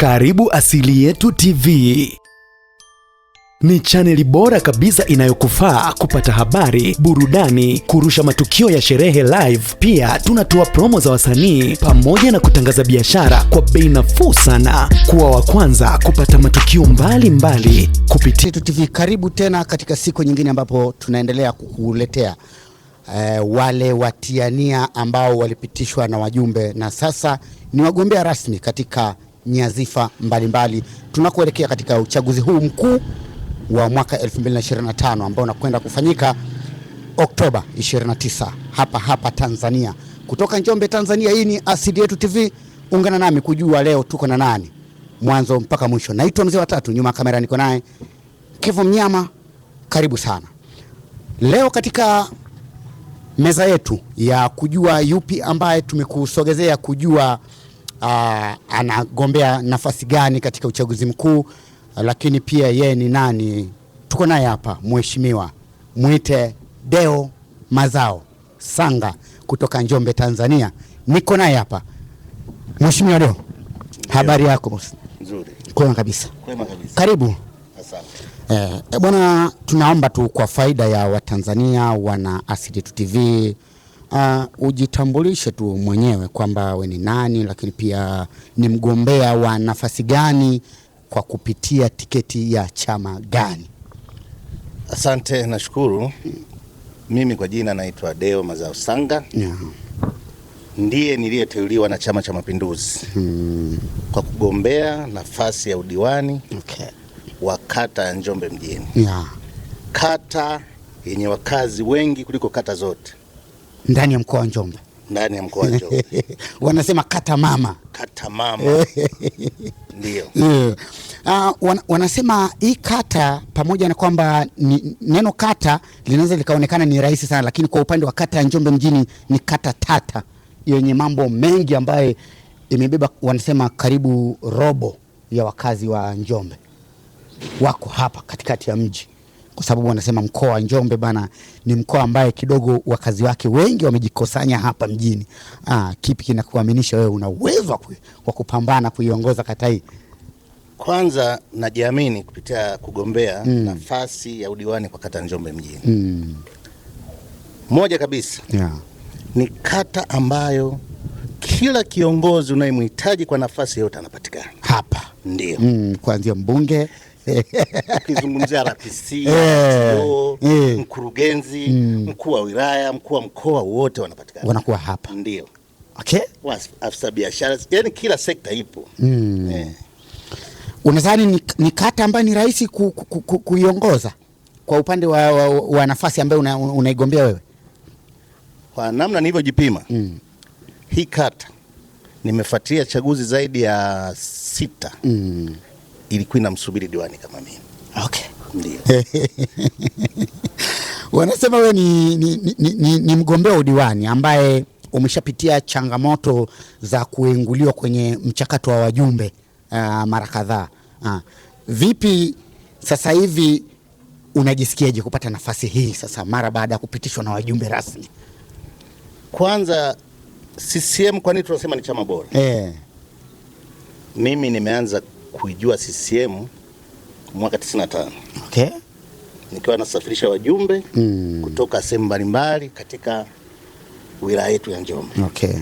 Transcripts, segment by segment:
Karibu Asili Yetu TV ni chaneli bora kabisa inayokufaa kupata habari, burudani, kurusha matukio ya sherehe live. Pia tunatoa promo za wasanii pamoja na kutangaza biashara kwa bei nafuu sana. Kuwa wa kwanza kupata matukio mbalimbali mbali kupitia TV. Karibu tena katika siku nyingine ambapo tunaendelea kukuletea e, wale watiania ambao walipitishwa na wajumbe na sasa ni wagombea rasmi katika nyazifa mbalimbali tunakoelekea katika uchaguzi huu mkuu wa mwaka 2025 ambao unakwenda kufanyika Oktoba 29 hapa hapa Tanzania. Kutoka Njombe, Tanzania, hii ni Asili Yetu TV. Ungana nami kujua leo tuko na nani mwanzo mpaka mwisho. Naitwa mzee wa tatu, nyuma ya kamera niko naye Kevo Mnyama. Karibu sana. Leo katika meza yetu ya kujua yupi ambaye tumekusogezea kujua uh, anagombea nafasi gani katika uchaguzi mkuu, lakini pia yeye ni nani. Tuko naye hapa mheshimiwa, mwite Deo Mazao Sanga kutoka Njombe, Tanzania. Niko naye hapa mheshimiwa Deo, habari yako Nzuri. Kwema kabisa. Kwema kabisa. Karibu. Asante. Eh, bwana, tunaomba tu kwa faida ya Watanzania wana Asili Yetu TV uh, ujitambulishe tu mwenyewe kwamba we ni nani, lakini pia ni mgombea wa nafasi gani kwa kupitia tiketi ya chama gani? Asante, nashukuru. Mm. Mimi kwa jina naitwa Deo Mazao Sanga yeah. Ndiye niliyeteuliwa na Chama cha Mapinduzi hmm. kwa kugombea nafasi ya udiwani okay. wa kata ya Njombe mjini yeah. kata yenye wakazi wengi kuliko kata zote ndani ya mkoa wa Njombe, ndani ya mkoa wa Njombe wanasema kata mama, kata mama ndio uh, eh. ah, wan, wanasema hii kata, pamoja na kwamba neno kata linaweza likaonekana ni rahisi sana, lakini kwa upande wa kata ya Njombe mjini ni kata tata yenye mambo mengi ambayo imebeba wanasema karibu robo ya wakazi wa Njombe wako hapa katikati ya mji kwa sababu wanasema mkoa wa Njombe bana ni mkoa ambaye kidogo wakazi wake wengi wamejikosanya hapa mjini. Aa, ah, kipi kinakuaminisha wewe una uwezo wa kupambana kuiongoza kata hii? Kwanza najiamini kupitia kugombea mm. nafasi ya udiwani kwa kata Njombe mjini mm. moja kabisa yeah. ni kata ambayo kila kiongozi unayemhitaji kwa nafasi yote anapatikana hapa, ndio mm, kuanzia mbunge ukizungumzia RPC yeah. yeah. mkurugenzi mm. mkuu wa wilaya, mkuu wa mkoa, wote wanapatikana wanakuwa hapa ndio. Okay, afisa biashara, yani kila sekta ipo mm. yeah. Unadhani ni, ni kata ambayo ni rahisi kuiongoza ku, ku, ku, kwa upande wa, wa, wa nafasi ambayo unaigombea una wewe? Kwa namna nilivyojipima mm. hii kata nimefuatilia chaguzi zaidi ya sita mm ilikuwa inamsubiri diwani kama mimi. Okay. Ndio. Wanasema wewe ni, ni, ni, ni, ni mgombea udiwani ambaye umeshapitia changamoto za kuenguliwa kwenye mchakato wa wajumbe uh, mara kadhaa uh. Vipi sasa hivi unajisikiaje kupata nafasi hii sasa mara baada ya kupitishwa na wajumbe rasmi? Kwanza CCM, kwa nini tunasema ni chama bora? Eh. Mimi nimeanza kuijua CCM mwaka 95. Okay. Nikiwa nasafirisha wajumbe mm. kutoka sehemu mbalimbali katika wilaya yetu ya Njombe. Okay.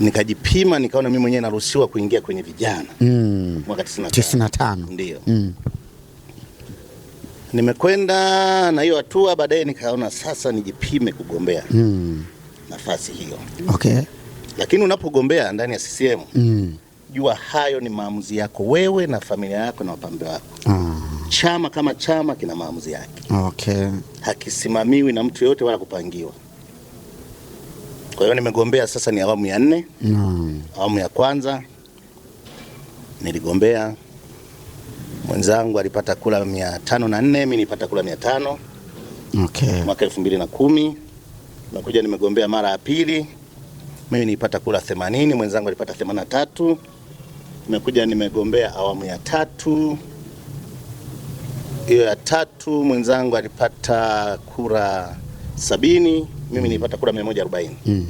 Nikajipima nikaona mimi mwenyewe naruhusiwa kuingia kwenye vijana mm. mwaka 95. Ndio. Mm. Nimekwenda na hiyo hatua, baadaye nikaona sasa nijipime kugombea mm. nafasi hiyo. Okay. Lakini unapogombea ndani ya CCM mm jua hayo ni maamuzi yako wewe na familia yako na wapambe wako mm. Chama kama chama kina maamuzi yake okay. Hakisimamiwi na mtu yoyote wala kupangiwa. Kwa hiyo nimegombea sasa ni awamu ya nne mm. Awamu ya kwanza niligombea, mwenzangu alipata kula mia tano na nne mi nipata kula mia tano okay. Mwaka elfu mbili na kumi nakuja nimegombea mara ya pili, mimi nipata kula themanini mwenzangu alipata tatu nimekuja nimegombea awamu ya tatu. Hiyo ya tatu mwenzangu alipata kura sabini, mimi nilipata kura 140. Mm.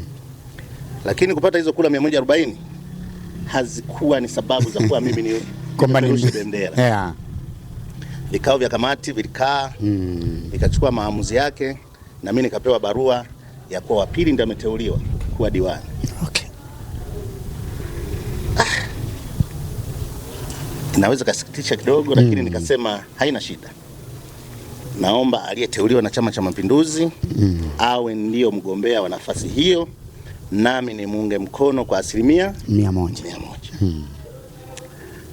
Lakini kupata hizo kura 140 hazikuwa ni sababu za kuwa mimi ni kombani bendera. Yeah. Vikao vya kamati vilikaa vikachukua hmm. mm. maamuzi yake na mimi nikapewa barua ya kuwa wa pili ndio ameteuliwa kuwa diwani. Okay. Inaweza kasikitisha kidogo, lakini mm. nikasema haina shida, naomba aliyeteuliwa na Chama cha Mapinduzi mm. awe ndiyo mgombea wa nafasi hiyo, nami ni muunge mkono kwa asilimia mia moja, mia moja. Mm.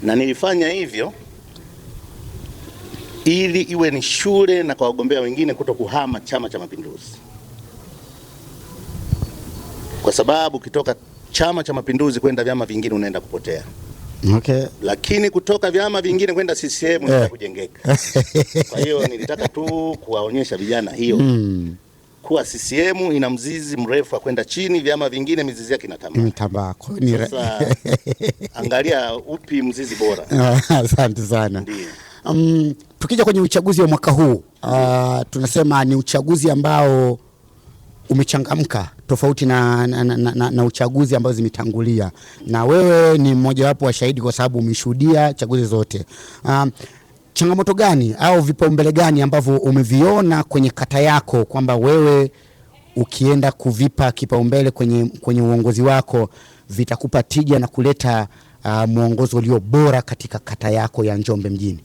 na nilifanya hivyo ili iwe ni shule na kwa wagombea wengine kuto kuhama Chama cha Mapinduzi, kwa sababu ukitoka Chama cha Mapinduzi kwenda vyama vingine unaenda kupotea. Okay. Lakini kutoka vyama vingine kwenda CCM yeah. kujengeka. Kwa hiyo nilitaka tu kuwaonyesha vijana hiyo mm. kuwa CCM ina mzizi mrefu kwenda chini, vyama vingine mizizi yake inatambaa. Sasa angalia upi mzizi bora. Asante sana. Um, tukija kwenye uchaguzi wa mwaka huu uh, tunasema ni uchaguzi ambao umechangamka tofauti na, na, na, na, na uchaguzi ambazo zimetangulia, na wewe ni mmojawapo wa shahidi kwa sababu umeshuhudia chaguzi zote. Um, changamoto gani au vipaumbele gani ambavyo umeviona kwenye kata yako kwamba wewe ukienda kuvipa kipaumbele kwenye, kwenye uongozi wako vitakupa tija na kuleta uh, mwongozo ulio bora katika kata yako ya Njombe mjini?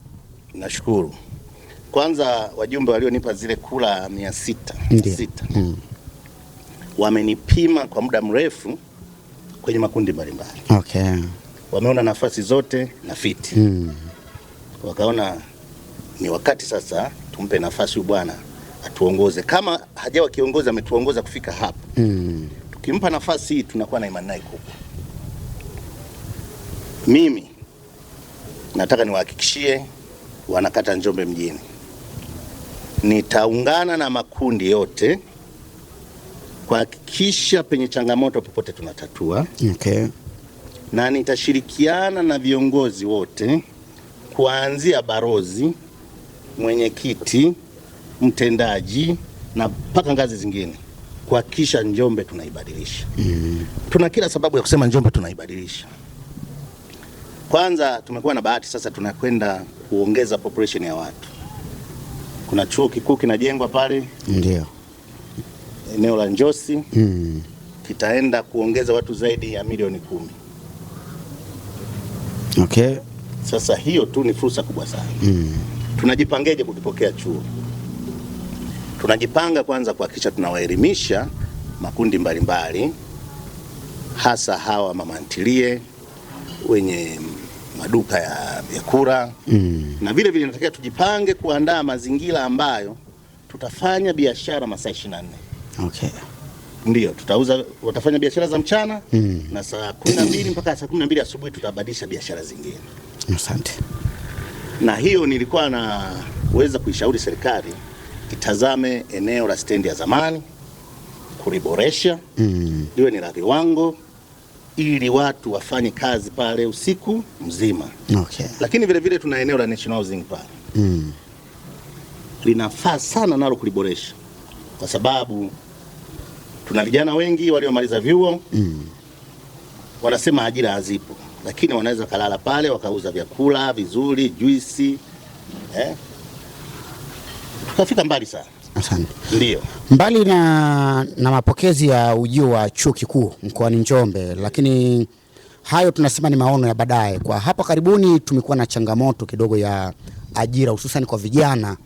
Nashukuru kwanza wajumbe walionipa zile kura mia sita, sita. Mm wamenipima kwa muda mrefu kwenye makundi mbalimbali okay. Wameona nafasi zote na fiti Mm. Wakaona ni wakati sasa tumpe nafasi huyu bwana atuongoze, kama hajawa kiongozi ametuongoza kufika hapa Mm. Tukimpa nafasi hii tunakuwa na imani naye kubwa. Mimi nataka niwahakikishie wanakata Njombe mjini, nitaungana na makundi yote kuhakikisha penye changamoto popote tunatatua. Okay. Na nitashirikiana na viongozi wote kuanzia barozi, mwenyekiti, mtendaji na mpaka ngazi zingine kuhakikisha Njombe tunaibadilisha. Mm. Tuna kila sababu ya kusema Njombe tunaibadilisha. Kwanza tumekuwa na bahati sasa, tunakwenda kuongeza population ya watu. Kuna chuo kikuu kinajengwa pale, ndio eneo la Njosi mm. kitaenda kuongeza watu zaidi ya milioni kumi. Okay. Sasa hiyo tu ni fursa kubwa sana mm. Tunajipangeje kukipokea chuo? Tunajipanga kwanza kuhakikisha tunawaelimisha makundi mbalimbali mbali, hasa hawa mamantilie wenye maduka ya, vyakula mm. na vile vile natakiwa tujipange kuandaa mazingira ambayo tutafanya biashara masaa 24. Okay. Ndio, tutauza watafanya biashara za mchana mm. na saa mbili mpaka saa mbili asubuhi tutabadilisha biashara zingine. Asante. Na hiyo nilikuwa naweza kuishauri serikali itazame eneo la stendi ya zamani kuliboresha mm. liwe ni la viwango ili watu wafanye kazi pale usiku mzima. Okay. Lakini vile vile tuna eneo la National Housing pale mm. linafaa sana nalo kuliboresha kwa sababu tuna vijana wengi waliomaliza vyuo mm. wanasema ajira hazipo, lakini wanaweza wakalala pale wakauza vyakula vizuri, juisi eh. Tukafika mbali sana. Asante. Ndio. Mbali na, na mapokezi ya ujio wa chuo kikuu mkoani Njombe, lakini hayo tunasema ni maono ya baadaye. Kwa hapa karibuni tumekuwa na changamoto kidogo ya ajira hususan kwa vijana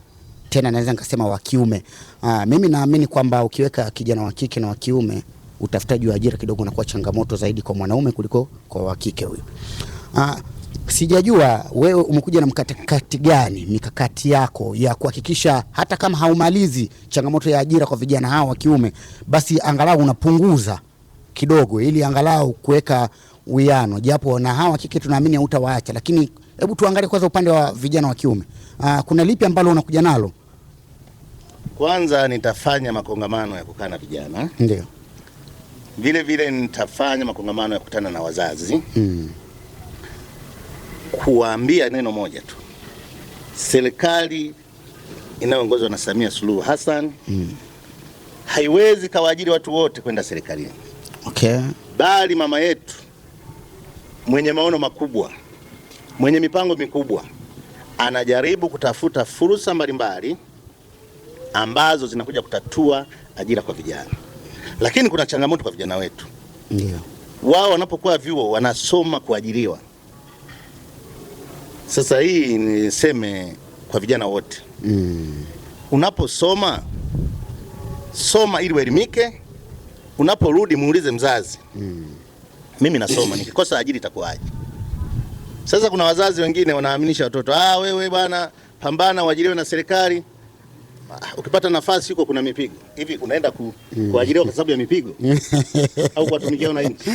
tena naweza nikasema wa kiume. Aa, ah, mimi naamini kwamba ukiweka kijana wa kike na wa kiume utafutaji wa ajira kidogo unakuwa changamoto zaidi kwa mwanaume kuliko kwa wa kike huyu. Ah, sijajua wewe umekuja na mkakati gani, mikakati yako ya kuhakikisha hata kama haumalizi changamoto ya ajira kwa vijana hawa wa kiume, basi angalau unapunguza kidogo, ili angalau kuweka uwiano, japo na hawa kike tunaamini hutawaacha, lakini hebu tuangalie kwanza upande wa vijana wa kiume. Aa, ah, kuna lipi ambalo unakuja nalo kwanza nitafanya makongamano ya kukaa na vijana, ndio vile vile nitafanya makongamano ya kukutana na wazazi mm. kuwaambia neno moja tu, serikali inayoongozwa na Samia Suluhu Hassan mm. haiwezi kawaajiri watu wote kwenda serikalini okay. bali mama yetu mwenye maono makubwa, mwenye mipango mikubwa anajaribu kutafuta fursa mbalimbali ambazo zinakuja kutatua ajira kwa vijana, lakini kuna changamoto kwa vijana wetu. Ndio wao wanapokuwa vyuo wanasoma kuajiriwa. Sasa hii niseme kwa vijana wote mm. Unaposoma soma ili uelimike, unaporudi muulize mzazi mm. Mimi nasoma nikikosa ajira itakuwaje? Sasa kuna wazazi wengine wanaaminisha watoto ah, wewe bwana, pambana uajiriwe na serikali ukipata nafasi huko kuna mipigo hivi, unaenda ku, mm. kuajiriwa kwa sababu ya mipigo au kuwatumikia wananchi?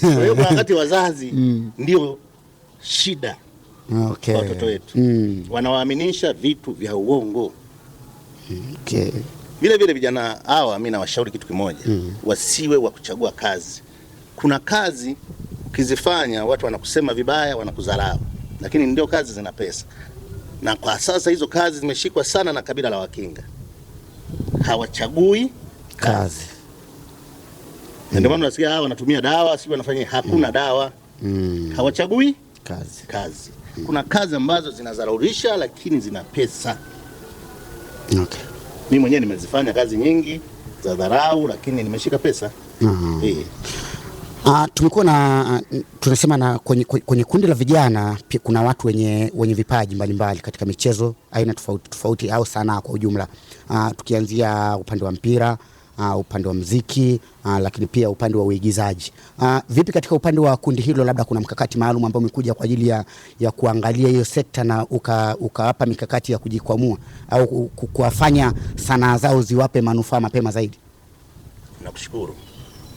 Kwa hiyo wakati wazazi mm. ndio shida okay. watoto wetu mm. wanawaaminisha vitu vya uongo okay. Vile vile vijana hawa, mimi nawashauri kitu kimoja mm. wasiwe wa kuchagua kazi. Kuna kazi ukizifanya watu wanakusema vibaya, wanakudharau, lakini ndio kazi zina pesa na kwa sasa hizo kazi zimeshikwa sana na kabila la Wakinga, hawachagui kazi, ndio maana unasikia hawa wanatumia dawa, sio wanafanya, hakuna mm. dawa mm. hawachagui kazi, kazi. Mm. kuna kazi ambazo zinazaraurisha lakini zina pesa okay. Mimi mwenyewe nimezifanya kazi nyingi za dharau, lakini nimeshika pesa mm. e. Uh, tumekuwa na ah, tunasema na kwenye, kwenye kundi la vijana pia kuna watu wenye, wenye vipaji mbalimbali mbali katika michezo aina tofauti tofauti au sanaa kwa ujumla. Uh, tukianzia upande wa mpira uh, upande wa mziki uh, lakini pia upande wa uigizaji. Uh, vipi katika upande wa kundi hilo, labda kuna mkakati maalum ambao umekuja kwa ajili ya, ya kuangalia hiyo sekta na ukawapa uka mikakati ya kujikwamua au kuwafanya sanaa zao ziwape manufaa mapema zaidi? Nakushukuru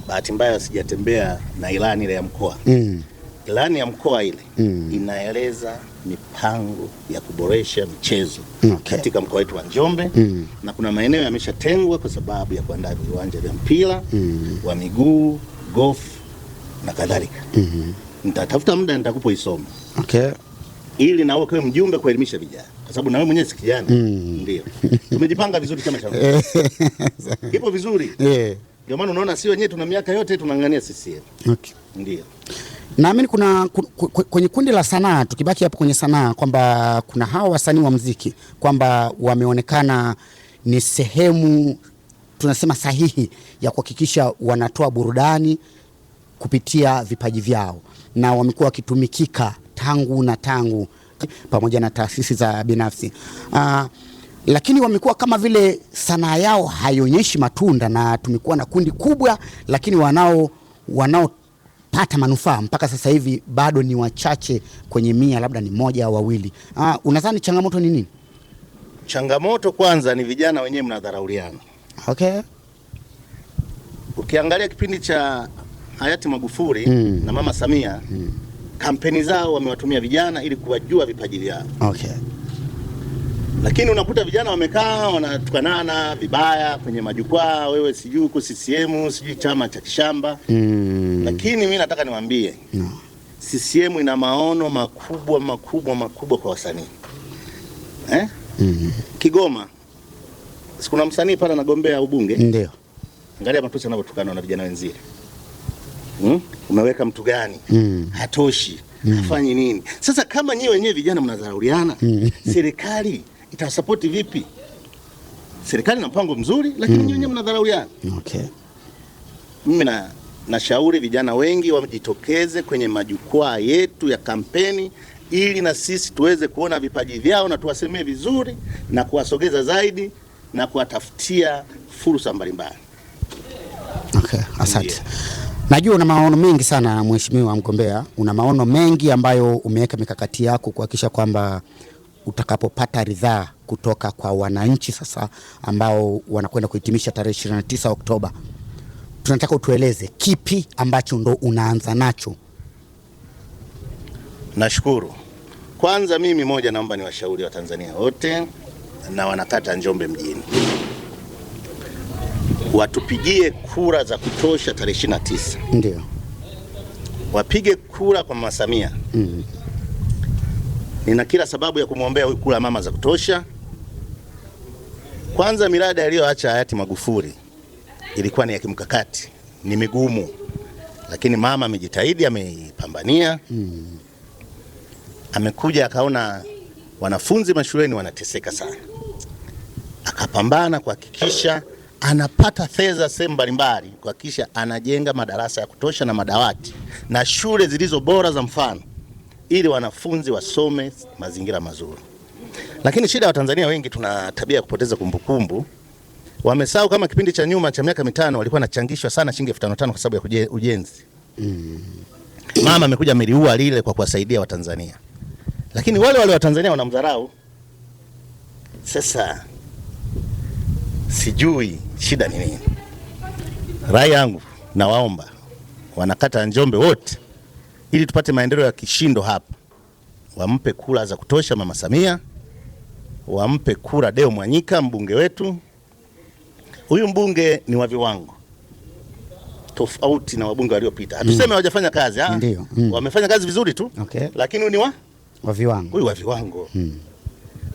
bahati mbaya sijatembea na ilani ile ya mkoa mm. Ilani ya mkoa ile mm. inaeleza mipango ya kuboresha michezo okay. katika mkoa wetu wa Njombe mm. na kuna maeneo yameshatengwa kwa sababu ya kuandaa viwanja vya mpira mm. wa miguu, gofu na kadhalika mm -hmm. Nitatafuta muda nitakupoisoma okay. ili nawe ukawe mjumbe kuelimisha vijana kwa sababu nawe mwenyewe si kijana mm. Ndio tumejipanga vizuri, chama cha ipo vizuri yeah. Ndio maana unaona si wenyewe tuna miaka yote tunang'ania CCM. Okay. Ndio. Naamini kuna kwenye kundi la sanaa, tukibaki hapo kwenye sanaa, kwamba kuna hawa wasanii wa mziki kwamba wameonekana ni sehemu tunasema sahihi ya kuhakikisha wanatoa burudani kupitia vipaji vyao na wamekuwa wakitumikika tangu na tangu pamoja na taasisi za binafsi uh, lakini wamekuwa kama vile sanaa yao haionyeshi matunda, na tumekuwa na kundi kubwa, lakini wanao wanaopata manufaa mpaka sasa hivi bado ni wachache, kwenye mia labda ni moja au wawili. Ah, unadhani changamoto ni nini? Changamoto kwanza ni vijana wenyewe mnadharauliana. Okay. Ukiangalia kipindi cha hayati Magufuli mm. na Mama Samia mm. kampeni zao wamewatumia vijana ili kuwajua vipaji vyao. Okay lakini unakuta vijana wamekaa wanatukanana vibaya kwenye majukwaa, wewe sijui uko CCM sijui chama cha kishamba mm. Lakini mi nataka niwaambie no. CCM ina maono makubwa makubwa makubwa kwa wasanii eh? mm. Kigoma sikuna msanii pale anagombea ubunge, ndio angalia matusi anavyotukana na vijana wenzile mm? Umeweka mtu gani? mm. hatoshi Mm. Hafanyi nini? Sasa kama nyewe wenyewe vijana mnadharauliana, mm. serikali itasapoti vipi? Serikali na mpango mzuri, lakini mm. nyinyi yani. Okay. Mimi na nashauri vijana wengi wajitokeze kwenye majukwaa yetu ya kampeni ili na sisi tuweze kuona vipaji vyao na tuwasemee vizuri na kuwasogeza zaidi na kuwatafutia fursa mbalimbali. Okay, asante. Najua una maono mengi sana mheshimiwa mgombea, una maono mengi ambayo umeweka mikakati yako kuhakikisha kwamba utakapopata ridhaa kutoka kwa wananchi sasa ambao wanakwenda kuhitimisha tarehe 29 Oktoba, tunataka utueleze kipi ambacho ndo unaanza nacho. Nashukuru. Kwanza mimi moja, naomba ni washauri wa Tanzania wote na wanakata Njombe mjini watupigie kura za kutosha tarehe 29. Ndio wapige kura kwa Mama Samia. mm -hmm. Nina kila sababu ya kumwombea huyu kula mama za kutosha. Kwanza, miradi aliyoacha hayati Magufuli ilikuwa ni ya kimkakati, ni migumu, lakini mama amejitahidi, ameipambania. Hmm. Amekuja akaona wanafunzi mashuleni wanateseka sana, akapambana kuhakikisha anapata fedha sehemu mbalimbali kuhakikisha anajenga madarasa ya kutosha na madawati na shule zilizo bora za mfano ili wanafunzi wasome mazingira mazuri. Lakini shida ya Watanzania wengi tuna tabia ya kupoteza kumbukumbu. Wamesahau kama kipindi cha nyuma cha miaka mitano walikuwa wanachangishwa sana shilingi elfu tano tano kwa sababu ya ujenzi. Mm. Mama amekuja ameliua lile kwa kuwasaidia Watanzania, lakini wale wale Watanzania wanamdharau. Sasa sijui shida ni nini. Rai yangu nawaomba wanakata Njombe wote ili tupate maendeleo ya kishindo hapa, wampe kura za kutosha Mama Samia, wampe kura Deo Mwanyika, mbunge wetu. Huyu mbunge ni wa viwango tofauti na wabunge waliopita. Hatuseme mm. hawajafanya kazi ah, Mm. wamefanya kazi vizuri tu okay. Lakini huyu ni wa wa viwango, huyu wa viwango mm.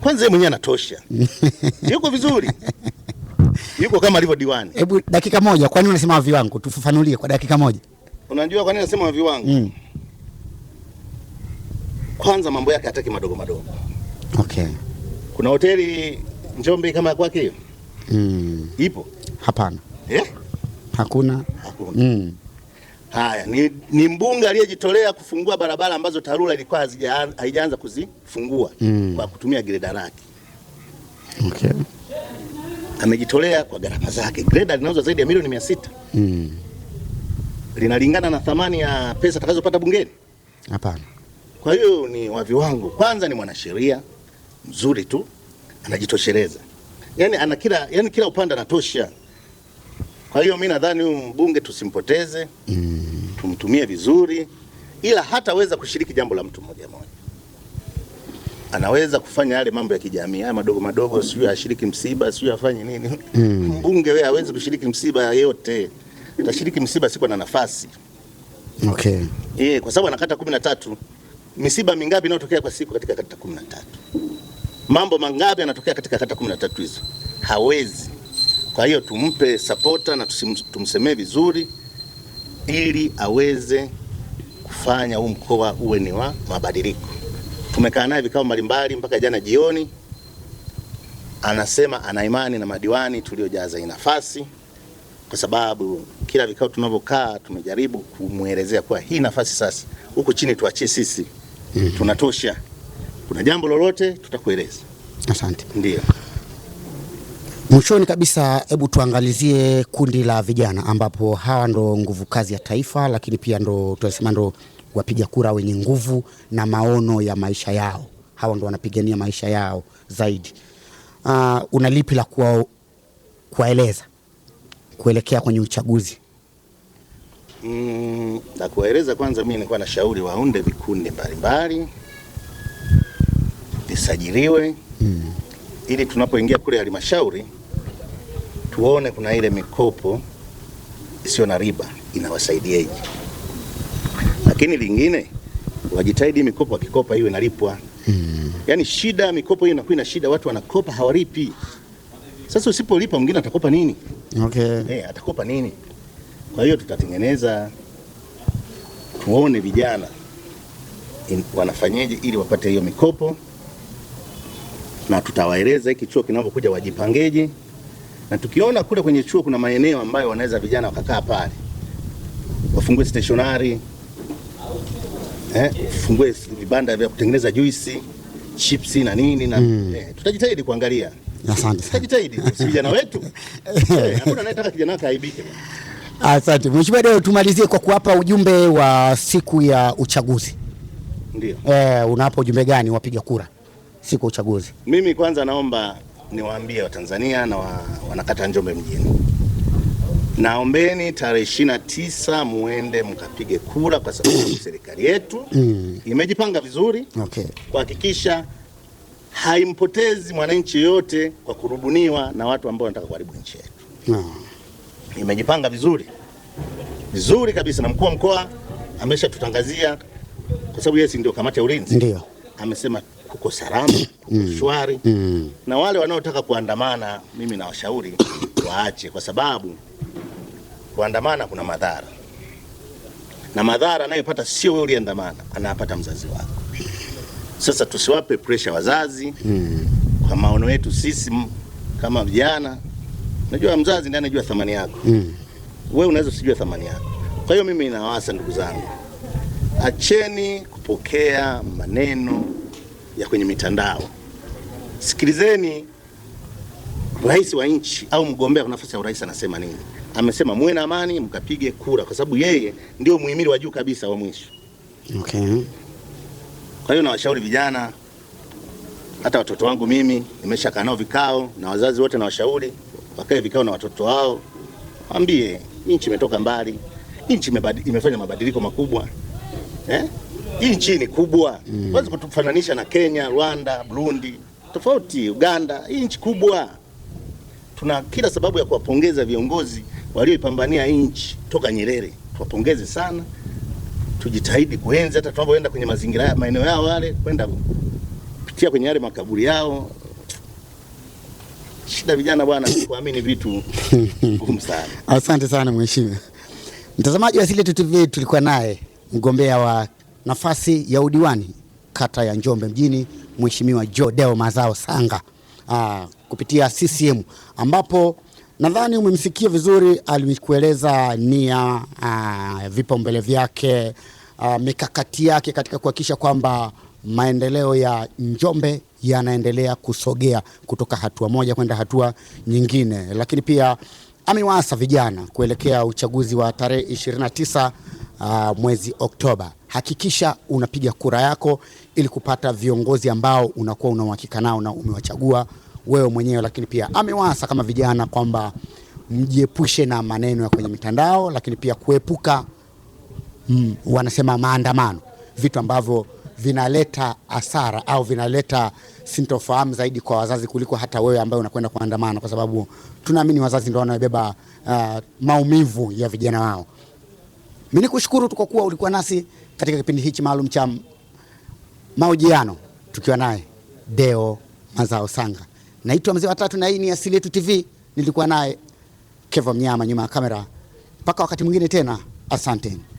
Kwanza yeye mwenyewe anatosha yuko vizuri yuko kama alivyo diwani. Hebu dakika moja, kwa nini unasema wa viwango? Tufafanulie kwa dakika moja. Unajua kwa nini nasema wa viwango? mm kwanza mambo yake hataki madogo madogo. Okay. Kuna hoteli Njombe kama ya kwake hiyo? Mm. Ipo? Hapana. Eh? Hakuna. Hakuna. Mm. Haya, ni, ni mbunge aliyejitolea kufungua barabara ambazo TARURA ilikuwa haijaanza kuzifungua mm. kwa kutumia greda lake. Okay. Amejitolea kwa gharama zake. Greda linauzwa zaidi ya milioni mia sita. Mm. Linalingana na thamani ya pesa atakazopata bungeni? Hapana. Kwa hiyo ni wavi wangu, kwanza ni mwanasheria mzuri tu, anajitosheleza yani, ana kila yani, kila upande anatosha. Kwa hiyo mimi nadhani huyu mbunge tusimpoteze, mm. tumtumie vizuri, ila hataweza kushiriki jambo la mtu mmoja mmoja. Anaweza kufanya yale mambo ya kijamii haya madogo madogo, sijui ashiriki msiba, sijui afanye nini mm. mbunge wewe hawezi kushiriki msiba yote, atashiriki msiba siko na nafasi okay. E, kwa sababu anakata kumi na tatu misiba mingapi inayotokea kwa siku katika kata 13? Mambo mangapi yanatokea katika kata 13 hizo? Hawezi. Kwa hiyo tumpe sapota na tumsemee vizuri ili aweze kufanya huu mkoa uwe ni wa mabadiliko. Tumekaa naye vikao mbalimbali mpaka jana jioni, anasema ana imani na madiwani tuliojaza hii nafasi, kwa sababu kila vikao tunavyokaa tumejaribu kumwelezea kwa hii nafasi sasa, huku chini tuachie sisi mm mm-hmm. tunatosha. Kuna jambo lolote tutakueleza. Asante. Ndio. Mwishoni kabisa, hebu tuangalizie kundi la vijana ambapo hawa ndo nguvu kazi ya taifa, lakini pia ndo tunasema ndo wapiga kura wenye nguvu na maono ya maisha yao. Hawa ndo wanapigania maisha yao zaidi. Uh, una lipi la kuwaeleza kuelekea kwenye uchaguzi? Mm, na kuwaeleza kwanza, mimi nilikuwa na shauri waunde vikundi mbalimbali visajiliwe, mm. ili tunapoingia kule halmashauri tuone kuna ile mikopo isiyo na riba inawasaidiaje. Lakini lingine wajitahidi mikopo akikopa iwe nalipwa, mm. yaani shida mikopo hiyo inakuwa na shida, watu wanakopa hawalipi. Sasa usipolipa mwingine atakopa nini? Okay. Hey, eh, atakopa nini? Kwa hiyo tutatengeneza tuone vijana wanafanyaje ili wapate hiyo mikopo, na tutawaeleza hiki chuo kinapokuja wajipangeje, na tukiona kule kwenye chuo kuna maeneo ambayo wanaweza vijana wakakaa pale, wafungue stationari eh, fungue vibanda vya kutengeneza juisi, chipsi na nini na mm. eh, tutajitahidi kuangalia. Asante, tutajitahidi vijana wetu eh, hakuna eh, anayetaka kijana wake aibike. Asante Mheshimiwa Deo, tumalizie kwa kuwapa ujumbe wa siku ya uchaguzi. Ndio. Eh, unawapa ujumbe gani wapiga kura siku ya uchaguzi? Mimi kwanza naomba niwaambie Watanzania na wa, wanakata Njombe mjini, naombeni tarehe ishirini na tisa muende mkapige kura kwa sababu serikali yetu mm. imejipanga vizuri okay. kuhakikisha haimpotezi mwananchi yote kwa kurubuniwa na watu ambao wanataka kuharibu nchi yetu no. Ah imejipanga vizuri vizuri kabisa, na mkuu wa mkoa ameshatutangazia kwa sababu yeye ndio kamati ya ulinzi, ndio amesema kuko salama mm. shwari mm. na wale wanaotaka kuandamana, mimi nawashauri waache, kwa sababu kuandamana kuna madhara, na madhara anayopata sio wewe uliandamana, anapata mzazi wako. Sasa tusiwape pressure wazazi mm. kwa maono yetu sisi kama vijana Najua mzazi ndiye anajua thamani yako mm. Wewe unaweza usijue thamani yako. Kwa hiyo mimi ninawasa ndugu zangu, acheni kupokea maneno ya kwenye mitandao, sikilizeni rais wa nchi au mgombea kwa nafasi ya urais anasema nini. Amesema muwe na amani, mkapige kura, kwa sababu yeye ndio muhimili wa juu kabisa wa mwisho okay. Kwa hiyo nawashauri vijana, hata watoto wangu mimi nimeshakaa nao vikao na wazazi wote, nawashauri wakae vikao na watoto wao, waambie nchi imetoka mbali, nchi imefanya mabadiliko makubwa eh? Nchi ni kubwa mm. kutufananisha na Kenya, Rwanda, Burundi, tofauti Uganda. Hii nchi kubwa, tuna kila sababu ya kuwapongeza viongozi walioipambania nchi toka Nyerere, tuwapongeze sana, tujitahidi kuenzi hata tunapoenda kwenye mazingira maeneo yao wale, kwenda kupitia kwenye yale makaburi yao Shida vijana bwana, kuamini vitu ngumu sana. Asante sana mheshimiwa mtazamaji wa Asili TV, tulikuwa naye mgombea wa nafasi ya udiwani kata ya Njombe mjini, mheshimiwa Jodeo Mazao Sanga aa, ah, kupitia CCM ambapo nadhani umemsikia vizuri, alikueleza nia, ah, vipaumbele vyake, ah, mikakati yake katika kuhakikisha kwamba maendeleo ya Njombe yanaendelea kusogea kutoka hatua moja kwenda hatua nyingine. Lakini pia amewaasa vijana kuelekea uchaguzi wa tarehe 29 uh, ah, mwezi Oktoba, hakikisha unapiga kura yako ili kupata viongozi ambao unakuwa una uhakika nao na umewachagua wewe mwenyewe. Lakini pia amewaasa kama vijana kwamba mjiepushe na maneno ya kwenye mitandao, lakini pia kuepuka mm, wanasema maandamano, vitu ambavyo vinaleta asara au vinaleta sintofahamu zaidi kwa wazazi kuliko hata wewe ambaye unakwenda kuandamana, kwa sababu tunaamini wazazi ndio wanaobeba uh, maumivu ya vijana wao. Mimi nikushukuru tu kwa kuwa ulikuwa nasi katika kipindi hichi maalum cha mahojiano, tukiwa naye Deo Mazao Sanga. Naitwa Mzee wa Tatu na hii ni Asili Yetu TV. Nilikuwa naye kevo Mnyama nyuma ya kamera. Mpaka wakati mwingine tena, asanteni.